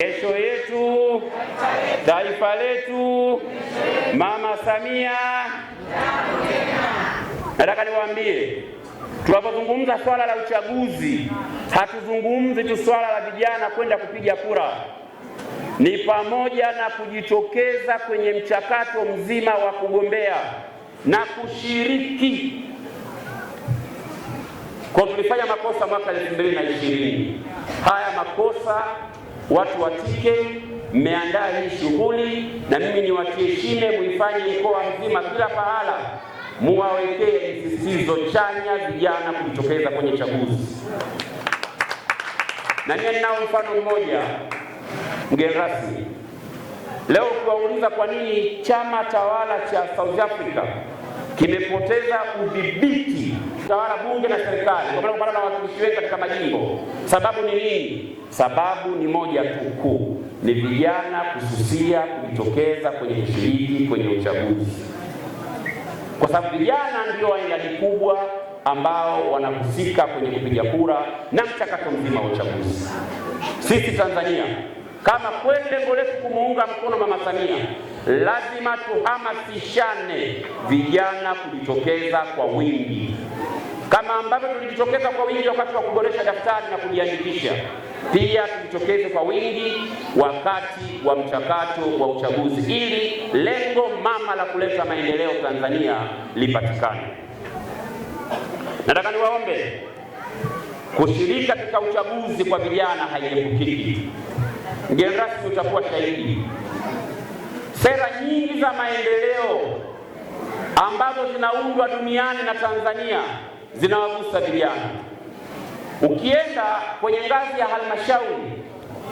Kesho yetu, taifa letu, Mama Samia. Nataka niwaambie, tunapozungumza swala la uchaguzi, hatuzungumzi tu swala la vijana kwenda kupiga kura, ni pamoja na kujitokeza kwenye mchakato mzima wa kugombea na kushiriki. Kwa tulifanya makosa mwaka 2020 haya makosa watu wa watike, mmeandaa hii shughuli, na mimi niwatie shime muifanye mkoa mzima, kila pahala muwawekee msisitizo chanya vijana kujitokeza kwenye chaguzi. Na niye ninao mfano mmoja, mgeni rasmi, leo ukiwauliza kwa nini chama tawala cha South Africa kimepoteza udhibiti tawala bunge na serikali kupatana na wawakilishi wengi katika majimbo. Sababu ni nini? Sababu ni moja tu kuu, ni vijana kususia kujitokeza kwenye kushiriki kwenye uchaguzi, kwa sababu vijana ndio waendani kubwa ambao wanahusika kwenye kupiga kura na mchakato mzima wa uchaguzi. Sisi Tanzania, kama kweli lengo letu kumuunga mkono Mama Samia lazima tuhamasishane vijana kujitokeza kwa wingi kama ambavyo tulijitokeza kwa wingi wakati wa kuboresha daftari na kujiandikisha, pia tujitokeze kwa wingi wakati wa mchakato wa uchaguzi, ili lengo mama la kuleta maendeleo Tanzania lipatikane. Nataka niwaombe, kushiriki katika uchaguzi kwa vijana haiepukiki. Mgeni rasmi utakuwa shahidi Sera nyingi za maendeleo ambazo zinaundwa duniani na Tanzania zinawagusa vijana. Ukienda kwenye ngazi ya halmashauri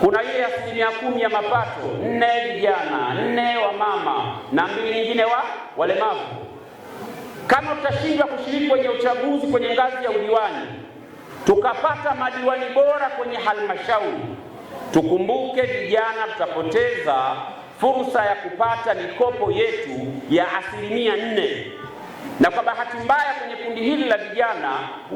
kuna ile asilimia kumi ya mapato, nne vijana, nne wa mama na mbili nyingine wa walemavu. Kama tutashindwa kushiriki kwenye uchaguzi kwenye ngazi ya udiwani, tukapata madiwani bora kwenye halmashauri, tukumbuke vijana tutapoteza fursa ya kupata mikopo yetu ya asilimia nne, na kwa bahati mbaya kwenye kundi hili la vijana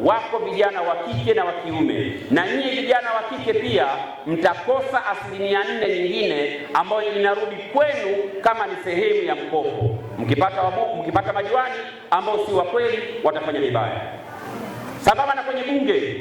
wako vijana wa kike na wa kiume, na nyinyi vijana wa kike pia mtakosa asilimia nne nyingine ambayo inarudi kwenu kama ni sehemu ya mkopo. Mkipata wabu, mkipata majiwani ambao si wa kweli watafanya vibaya, sambamba na kwenye bunge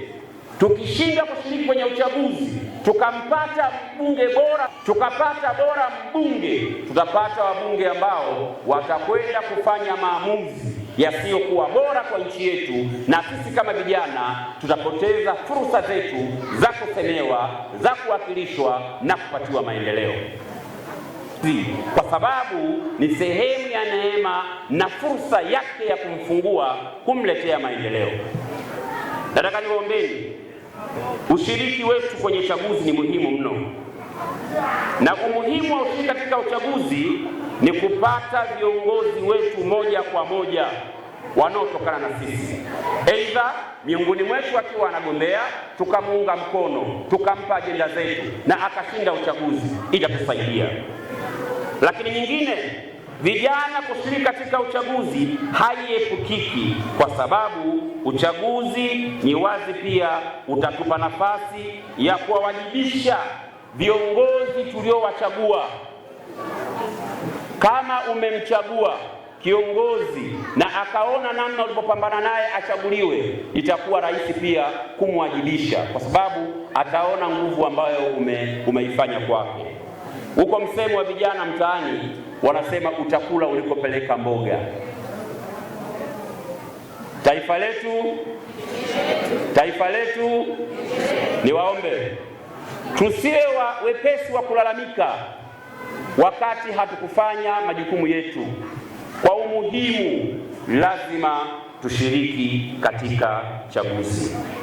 tukishindwa kushiriki kwenye uchaguzi tukampata mbunge bora, tukapata bora mbunge, tutapata wabunge ambao watakwenda kufanya maamuzi yasiyokuwa bora kwa nchi yetu, na sisi kama vijana tutapoteza fursa zetu za kusemewa, za kuwakilishwa na kupatiwa maendeleo, kwa sababu ni sehemu ya neema na fursa yake ya kumfungua, kumletea maendeleo. Nataka niwaombeni Ushiriki wetu kwenye chaguzi ni muhimu mno, na umuhimu wa ushiriki katika uchaguzi ni kupata viongozi wetu moja kwa moja wanaotokana na sisi, aidha miongoni mwetu akiwa anagombea tukamuunga mkono tukampa ajenda zetu na akashinda uchaguzi, itatusaidia. Lakini nyingine Vijana kushiriki katika uchaguzi haiepukiki, kwa sababu uchaguzi ni wazi pia utatupa nafasi ya kuwawajibisha viongozi tuliowachagua. Kama umemchagua kiongozi na akaona namna ulivyopambana naye achaguliwe, itakuwa rahisi pia kumwajibisha, kwa sababu ataona nguvu ambayo ume, umeifanya kwake. Huko msemo wa vijana mtaani wanasema utakula ulikopeleka mboga. Taifa letu, taifa letu, niwaombe tusiwe wa wepesi wa kulalamika wakati hatukufanya majukumu yetu kwa umuhimu. Lazima tushiriki katika chaguzi.